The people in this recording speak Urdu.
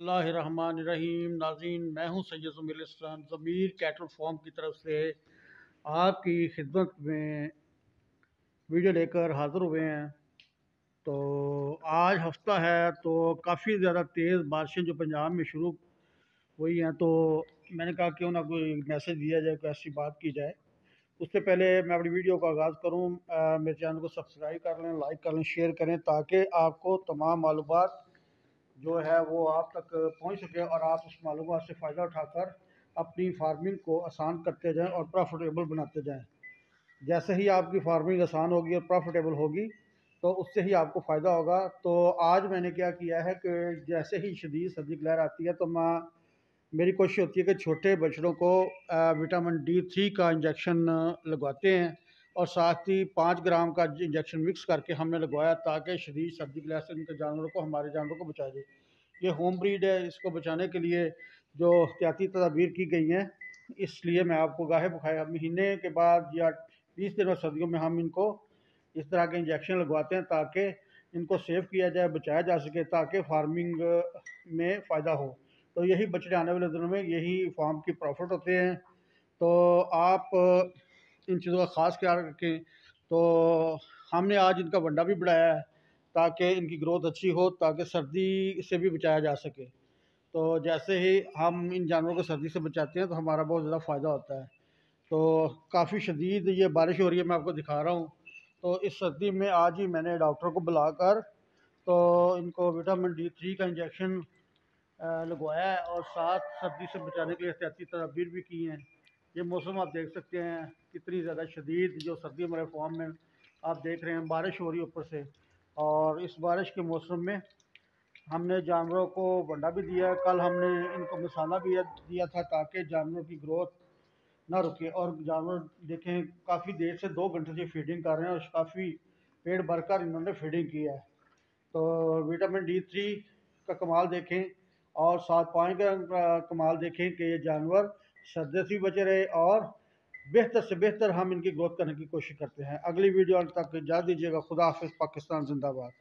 اللہ الرحمن الرحیم ناظرین میں ہوں سید اسلام ضمیر کیٹل فارم کی طرف سے آپ کی خدمت میں ویڈیو لے کر حاضر ہوئے ہیں تو آج ہفتہ ہے تو کافی زیادہ تیز بارشیں جو پنجاب میں شروع ہوئی ہیں تو میں نے کہا کیوں نہ کوئی میسج دیا جائے کوئی ایسی بات کی جائے اس سے پہلے میں اپنی ویڈیو کا آغاز کروں میرے چینل کو سبسکرائب کر لیں لائک کر لیں شیئر کریں تاکہ آپ کو تمام معلومات جو ہے وہ آپ تک پہنچ سکے اور آپ اس معلومات سے فائدہ اٹھا کر اپنی فارمنگ کو آسان کرتے جائیں اور پروفٹیبل بناتے جائیں جیسے ہی آپ کی فارمنگ آسان ہوگی اور پروفٹیبل ہوگی تو اس سے ہی آپ کو فائدہ ہوگا تو آج میں نے کیا کیا ہے کہ جیسے ہی شدید سردی کی لہر آتی ہے تو میں میری کوشش ہوتی ہے کہ چھوٹے بچڑوں کو وٹامن ڈی تھری کا انجیکشن لگواتے ہیں اور ساتھ ہی پانچ گرام کا انجیکشن مکس کر کے ہم نے لگوایا تاکہ شدید سردی کے سے ان کے جانوروں کو ہمارے جانوروں کو بچا جائے یہ ہوم بریڈ ہے اس کو بچانے کے لیے جو احتیاطی تدابیر کی گئی ہیں اس لیے میں آپ کو گاہے بخایا مہینے کے بعد یا بیس دنوں سردیوں میں ہم ان کو اس طرح کے انجیکشن لگواتے ہیں تاکہ ان کو سیو کیا جائے بچایا جا سکے تاکہ فارمنگ میں فائدہ ہو تو یہی بچے آنے والے دنوں میں یہی فارم کی پروفٹ ہوتے ہیں تو آپ ان چیزوں کا خاص خیال رکھیں تو ہم نے آج ان کا ونڈا بھی بڑھایا ہے تاکہ ان کی گروتھ اچھی ہو تاکہ سردی سے بھی بچایا جا سکے تو جیسے ہی ہم ان جانوروں کو سردی سے بچاتے ہیں تو ہمارا بہت زیادہ فائدہ ہوتا ہے تو کافی شدید یہ بارش ہو رہی ہے میں آپ کو دکھا رہا ہوں تو اس سردی میں آج ہی میں نے ڈاکٹر کو بلا کر تو ان کو وٹامن ڈی تھری کا انجیکشن لگوایا ہے اور ساتھ سردی سے بچانے کے لیے احتیاطی تدابیر بھی کی ہیں یہ موسم آپ دیکھ سکتے ہیں کتنی زیادہ شدید جو سردی مرے فارم میں آپ دیکھ رہے ہیں بارش ہو رہی ہے اوپر سے اور اس بارش کے موسم میں ہم نے جانوروں کو بنڈا بھی دیا ہے کل ہم نے ان کو مسالہ بھی دیا تھا تاکہ جانوروں کی گروتھ نہ رکے اور جانور دیکھیں کافی دیر سے دو گھنٹے سے فیڈنگ کر رہے ہیں اور کافی پیڑ بھر کر انہوں نے فیڈنگ کیا ہے تو وٹامن ڈی تھری کا کمال دیکھیں اور سات پانچ کا کمال دیکھیں کہ یہ جانور شدت بھی بچے رہے اور بہتر سے بہتر ہم ان کی گروتھ کرنے کی کوشش کرتے ہیں اگلی ویڈیو تک جا دیجیے گا خدا حافظ پاکستان زندہ باد